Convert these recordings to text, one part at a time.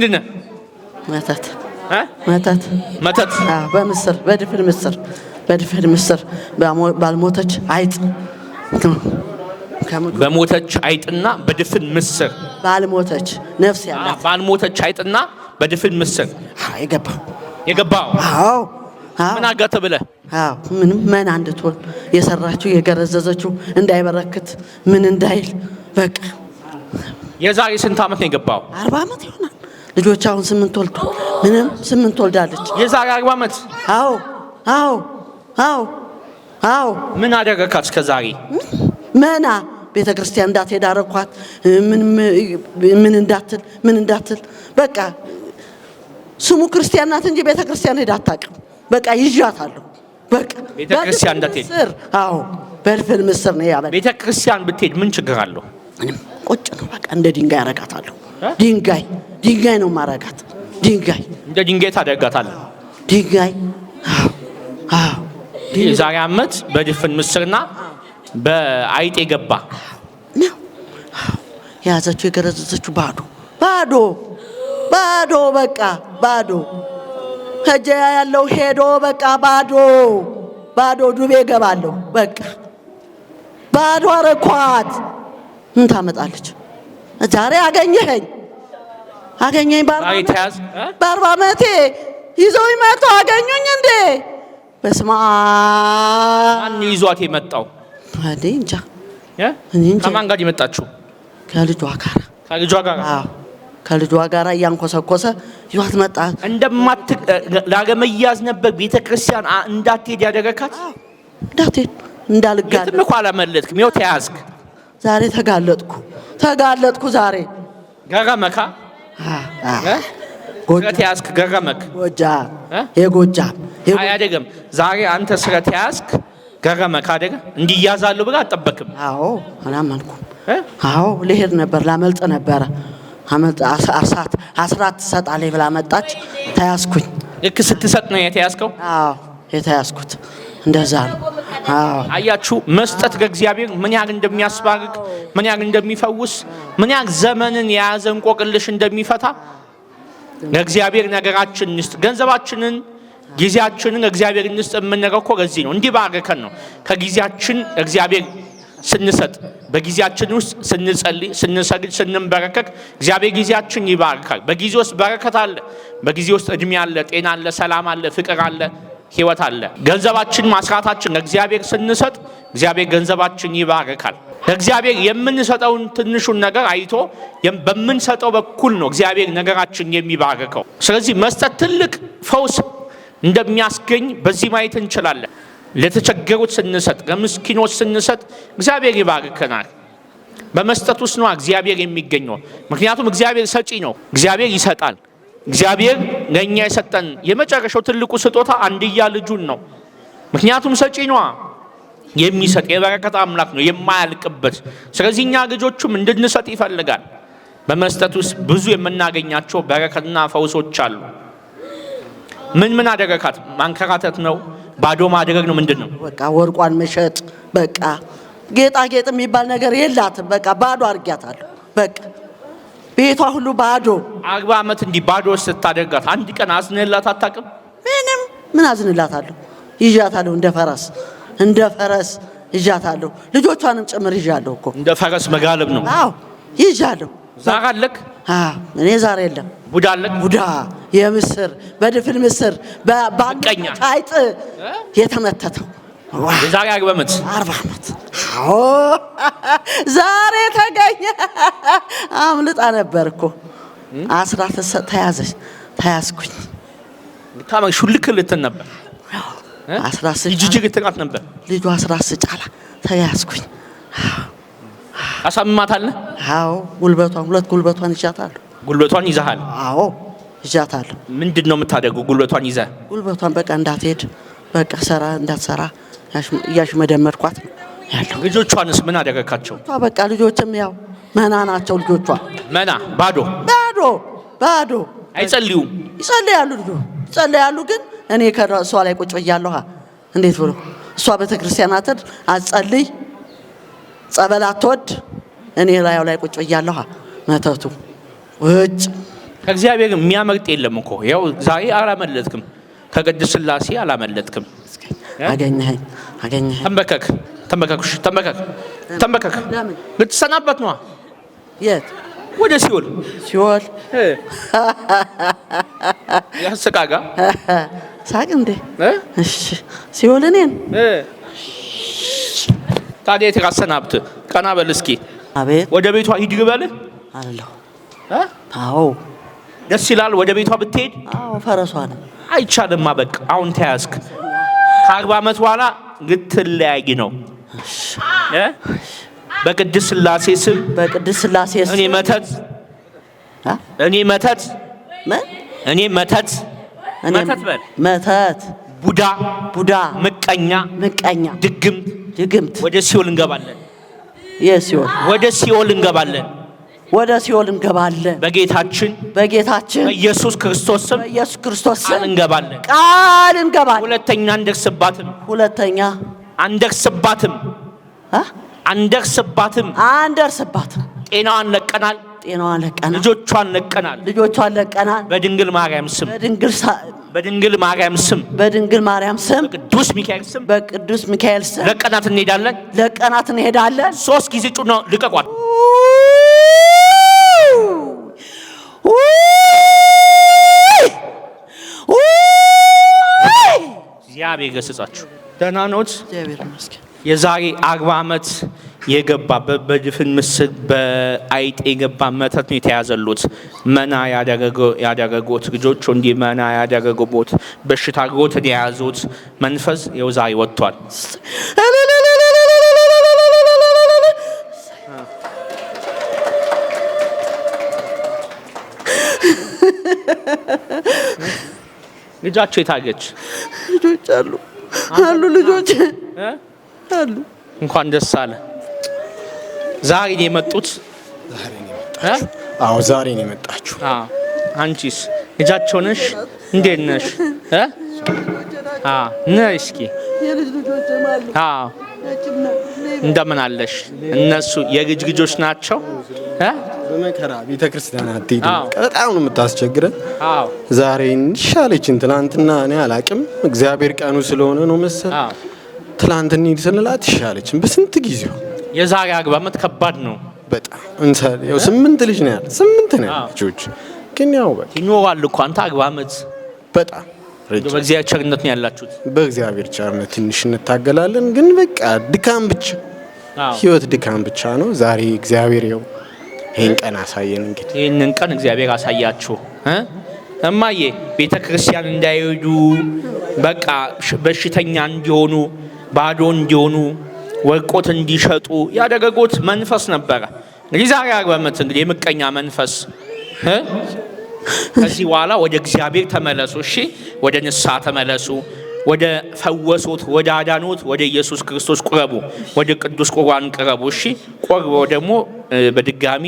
ምንድን ነህ? መተት መተት መተት በምስር በድፍን ምስር በድፍን ምስር ባልሞተች አይጥ በሞተች አይጥና በድፍን ምስር ባልሞተች ነፍስ ያላት ባልሞተች አይጥና በድፍን ምስር የገባው የገባው አዎ ምን አጋተ ብለህ ምንም መና እንድትሆን የሰራችው የገረዘዘችው እንዳይበረክት ምን እንዳይል በቃ የዛሬ ስንት ዓመት ነው የገባው? አርባ ዓመት ይሆናል። ልጆች አሁን ስምንት ወልድ ምንም ስምንት ወልዳለች። የዛሬ አርባ ዓመት። አዎ አዎ አዎ አዎ። ምን አደረካት? እስከ ዛሬ መና ቤተ ክርስቲያን እንዳትሄድ አረኳት። ምን እንዳትል ምን እንዳትል በቃ ስሙ ክርስቲያን ናት እንጂ ቤተ ክርስቲያን ሄዳ አታውቅም። በቃ ይዣታለሁ። በቃ አዎ በልፍል ምስር ነው ያበል። ቤተ ክርስቲያን ብትሄድ ምን ችግር አለው? ቁጭ ነው በቃ እንደ ድንጋይ አረጋታለሁ። ድንጋይ ድንጋይ ነው ማረጋት። ድንጋይ እንደ ድንጋይ ታደርጋታለህ። ድንጋይ የዛሬ ዓመት በድፍን ምስርና በአይጤ ገባ የያዘችው የገረዘዘችው ባዶ ባዶ ባዶ በቃ ባዶ ከጀ ያለው ሄዶ በቃ ባዶ ባዶ ዱቤ ገባለሁ በቃ ባዶ አረኳት ምን ታመጣለች? ዛሬ አገኘኸኝ አገኘኝ በአርባ ዓመቴ ይዘው ይመጡ አገኙኝ እንዴ በስማ ማን ይዟት የመጣው አዴ እንጃ ከማን ጋር የመጣችሁ ከልጇ ጋር ከልጇ ጋር ከልጇ ጋር እያንኮሰኮሰ ይዋት መጣ እንደማት ላለመያዝ ነበር ቤተ ክርስቲያን እንዳትሄድ ያደረካት እንዳትሄድ እንዳልጋለ የትም እኮ አላመለጥክም ይኸው ተያዝክ ዛሬ ተጋለጥኩ ተጋለጥኩ። ዛሬ ገረመካ ስረት ያዝክ ገረመክ። ጎጃም አያደገም። ዛሬ አንተ ስረት ያዝክ ገረመካ። አደገ። እንዲያዛሉ ብለህ አጠበቅም። አዎ አላመንኩም። አዎ ልሄድ ነበር፣ ላመልጥ ነበረ። አስራት ትሰጣለች ብላ መጣች፣ ተያዝኩኝ። ልክ ስትሰጥ ነው የተያዝከው? አዎ የተያዝኩት እንደዛ ነው። አያችሁ መስጠት ከእግዚአብሔር ምን ያህል እንደሚያስባርክ፣ ምን ያህል እንደሚፈውስ፣ ምን ያህል ዘመንን የያዘ እንቆቅልሽ እንደሚፈታ ለእግዚአብሔር ነገራችን እንስጥ። ገንዘባችንን ጊዜያችንን እግዚአብሔር እንስጥ የምንለው እኮ ለዚህ ነው። እንዲህ ባርከን ነው ከጊዜያችን እግዚአብሔር ስንሰጥ በጊዜያችን ውስጥ ስንጸልይ፣ ስንሰግድ፣ ስንንበረከክ እግዚአብሔር ጊዜያችን ይባርካል። በጊዜ ውስጥ በረከት አለ። በጊዜ ውስጥ እድሜ አለ፣ ጤና አለ፣ ሰላም አለ፣ ፍቅር አለ። ህይወት አለ። ገንዘባችን ማስራታችን ለእግዚአብሔር ስንሰጥ እግዚአብሔር ገንዘባችን ይባርካል። ለእግዚአብሔር የምንሰጠውን ትንሹን ነገር አይቶ በምንሰጠው በኩል ነው እግዚአብሔር ነገራችን የሚባርከው። ስለዚህ መስጠት ትልቅ ፈውስ እንደሚያስገኝ በዚህ ማየት እንችላለን። ለተቸገሩት ስንሰጥ፣ ለምስኪኖች ስንሰጥ እግዚአብሔር ይባርከናል። በመስጠት ውስጥ ነው እግዚአብሔር የሚገኘው። ምክንያቱም እግዚአብሔር ሰጪ ነው። እግዚአብሔር ይሰጣል። እግዚአብሔር ለእኛ የሰጠን የመጨረሻው ትልቁ ስጦታ አንድያ ልጁን ነው። ምክንያቱም ሰጪ ነዋ፣ የሚሰጥ የበረከት አምላክ ነው የማያልቅበት። ስለዚህ እኛ ልጆቹም እንድንሰጥ ይፈልጋል። በመስጠት ውስጥ ብዙ የምናገኛቸው በረከትና ፈውሶች አሉ። ምን ምን አደረካት? ማንከራተት ነው፣ ባዶ ማድረግ ነው። ምንድን ነው? በቃ ወርቋን መሸጥ፣ በቃ ጌጣጌጥ የሚባል ነገር የላትም። በቃ ባዶ አድርጊያታለሁ በቃ ቤቷ ሁሉ ባዶ። አርባ ዓመት እንዲህ ባዶ ስታደርጋት አንድ ቀን አዝንላት አታውቅም? ምንም ምን አዝንላታለሁ? ይዣታለሁ እንደ ፈረስ እንደ ፈረስ ይዣታለሁ። ልጆቿንም ጭምር ይዣለሁ እኮ እንደ ፈረስ መጋለብ ነው። አዎ ይዣለሁ። ዛር አለክ? እኔ ዛር የለም። ቡዳ አለክ? ቡዳ የምስር በድፍን ምስር በአንድ ታይጥ የተመተተው የዛሬ አርባ ዓመት አርባ ዓመት ዛሬ ተገኘ። አምልጣ ነበር እኮ አስራ ተያዘች፣ ተያዝኩኝ። ታመ ሹልክ ልትን ነበር ጅጅግ ትቃት ነበር ልጁ አስራ ስጫላ ተያዝኩኝ። አሳምማታል። አዎ፣ ጉልበቷን ሁለት ጉልበቷን ይዣታለሁ። ጉልበቷን ይዛሃል? አዎ፣ ይዣታለሁ። ምንድን ነው የምታደርገው? ጉልበቷን ይዘህ ጉልበቷን በቃ እንዳትሄድ በቃ ሰራ እንዳትሰራ እያሽመደመድኳት ነው ያለው። ልጆቿንስ ምን አደረካቸው? በቃ ልጆችም ያው መና ናቸው። ልጆቿ መና ባዶ ባዶ ባዶ አይጸልዩም። ይጸልያሉ ልጆ ይጸልያሉ፣ ግን እኔ ከእሷ ላይ ቁጭ ብያለሁ። እንዴት ብሎ እሷ ቤተክርስቲያን አጸልይ አትጸልይ፣ ጸበል አትወድ። እኔ ላዩ ላይ ቁጭ ብያለሁ። መተቱ ውጭ ከእግዚአብሔር የሚያመርጥ የለም እኮ ያው ዛሬ አላመለጥክም፣ ከቅድስት ስላሴ አላመለጥክም። አገኘኸኝ አገኘኸኝ። ተንበከክ ተንበከኩሽ ተንበከክ ተንበከክ። ልትሰናበት ነዋ። የት? ወደ ሲኦል ሲኦል። ያስቃጋ ሳቅ እንዴ? ሲኦል እኔን ታዲያ የት አሰናብት? ቀና በል እስኪ። አቤት። ወደ ቤቷ ሂድ ግበልህ አለሁ። አዎ ደስ ይላል። ወደ ቤቷ ብትሄድ። አዎ ፈረሷ ነው። አይቻልማ። በቃ አሁን ተያዝክ። ከአርባ ዓመት በኋላ ልትለያይ ነው። በቅድስት ስላሴ ስም በቅድስት ስላሴ ስም እኔ መተት እኔ መተት እኔ መተት መተት ቡዳ ቡዳ ምቀኛ ምቀኛ ድግምት ድግምት ወደ ሲኦል እንገባለን። የሲኦል ወደ ሲኦል እንገባለን። ወደ ሲኦል እንገባለን። በጌታችን በጌታችን በኢየሱስ ክርስቶስ ስም በኢየሱስ ክርስቶስ ስም እንገባለን። ቃል እንገባለን። ሁለተኛ አንደርስባትም። ሁለተኛ አንደርስባትም። አንደርስባትም። አንደርስባትም። ጤናዋን ለቀናል። ጤናዋን ለቀናል። ልጆቿን ለቀናል። ልጆቿን ለቀናል። በድንግል ማርያም ስም በድንግል ማርያም ስም በድንግል ማርያም ስም በቅዱስ ሚካኤል ስም በቅዱስ ሚካኤል ስም ለቀናት እንሄዳለን። ለቀናት እንሄዳለን። ሶስት ጊዜ ጩኸት ልቀቋል እግዚአብሔር ይገስጻችሁ። ደህና ኖት? የዛሬ አርባ ዓመት የገባ በድፍን ምስል በአይጥ የገባ መተት ነው የተያዘሉት። መና ያደረጉት ልጆች እንዲህ መና ያደረጉት በሽታ ጎት የያዙት መንፈስ የው ዛሬ ወጥቷል። ልጃቸው የታገች ልጆች አሉ አሉ ልጆች አሉ። እንኳን ደስ አለ። ዛሬ ነው የመጡት። አዎ ዛሬ ነው የመጣችሁ። አንቺስ ልጃቸው ነሽ? እንዴት ነሽ? ነይ እስኪ እንደምን አለሽ? እነሱ የልጅ ልጆች ናቸው። በመከራ ቤተ ክርስቲያን አትሄድ። በጣም ነው የምታስቸግረን። ዛሬ እንሻለችን፣ ትናንትና እኔ አላቅም። እግዚአብሔር ቀኑ ስለሆነ ነው መሰል ትናንት እንሂድ ስንላት ይሻለችን በስንት ጊዜው። የዛሬ አግባመት ከባድ ነው በጣም ያው ስምንት ልጅ ነው ያለ ስምንት ነው ልጆች ግን ያው በቃ ይኖራል እኮ አንተ አግባመት በጣም በእግዚአብሔር ቸርነት ነው ያላችሁት። በእግዚአብሔር ቸርነት ትንሽ እንታገላለን፣ ግን በቃ ድካም ብቻ ህይወት ድካም ብቻ ነው። ዛሬ እግዚአብሔር ያው ይህን ቀን አሳየን። እንግዲህ ይህንን ቀን እግዚአብሔር አሳያችሁ። እማዬ ቤተ ክርስቲያን እንዳይሄዱ በቃ በሽተኛ እንዲሆኑ ባዶ እንዲሆኑ ወርቆት እንዲሸጡ ያደረጉት መንፈስ ነበረ። እንግዲህ ዛሬ አርብ ምት እንግዲህ የምቀኛ መንፈስ ከዚህ በኋላ ወደ እግዚአብሔር ተመለሱ። እሺ፣ ወደ ንስሐ ተመለሱ። ወደ ፈወሶት፣ ወደ አዳኖት፣ ወደ ኢየሱስ ክርስቶስ ቁረቡ። ወደ ቅዱስ ቁርባን ቅረቡ። እሺ፣ ቆርበው ደግሞ በድጋሚ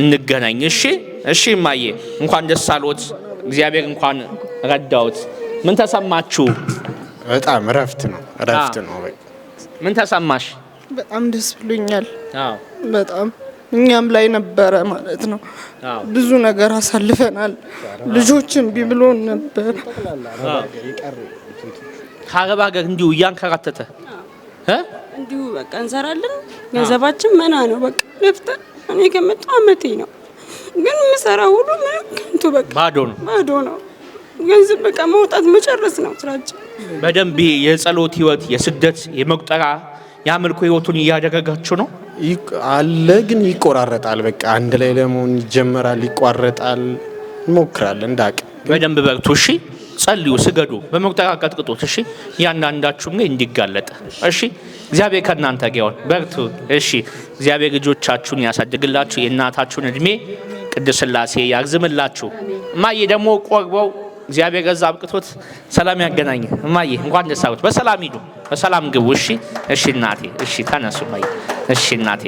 እንገናኝ። እሺ፣ እሺ እማዬ እንኳን ደስ አሎት። እግዚአብሔር እንኳን ረዳውት ምን ተሰማችሁ? በጣም እረፍት ነው፣ እረፍት ነው። ምን ተሰማሽ? በጣም ደስ ብሎኛል። በጣም እኛም ላይ ነበረ ማለት ነው። ብዙ ነገር አሳልፈናል። ልጆችን ቢብሎን ነበር ከአረብ ሀገር እንዲሁ እያንከራተተ እንዲሁ በቃ እንሰራለን። ገንዘባችን መና ነው። በቃ ለፍተን እኔ ከመጣሁ አመቴ ነው፣ ግን የምሰራ ሁሉ ምንም ከንቱ በቃ ባዶ ነው፣ ባዶ ነው። ገንዘብ በቃ መውጣት መጨረስ ነው ስራችን። በደንብ የጸሎት ህይወት፣ የስደት የመቁጠራ የአምልኮ ህይወቱን እያደረጋችሁ ነው አለ። ግን ይቆራረጣል። በቃ አንድ ላይ ለመሆን ይጀመራል፣ ይቋረጣል። እንሞክራለን። እንዳቅ በደንብ በርቱ። እሺ ጸልዩ፣ ስገዱ፣ በመቁጠቃ ቀጥቅጡት። እሺ እያንዳንዳችሁም ግን እንዲጋለጥ። እሺ እግዚአብሔር ከእናንተ ጋር ይሁን፣ በርቱ። እሺ እግዚአብሔር ልጆቻችሁን ያሳድግላችሁ፣ የእናታችሁን እድሜ ቅድስት ሥላሴ ያርዝምላችሁ። እማዬ ደግሞ ቆርበው እግዚአብሔር ገዛ አብቅቶት ሰላም ያገናኝ። እማዬ እንኳን ደስ አሉት። በሰላም ሂዱ፣ በሰላም ግቡ። እሺ እሺ እናቴ፣ እሺ ተነሱ። እሺ እናቴ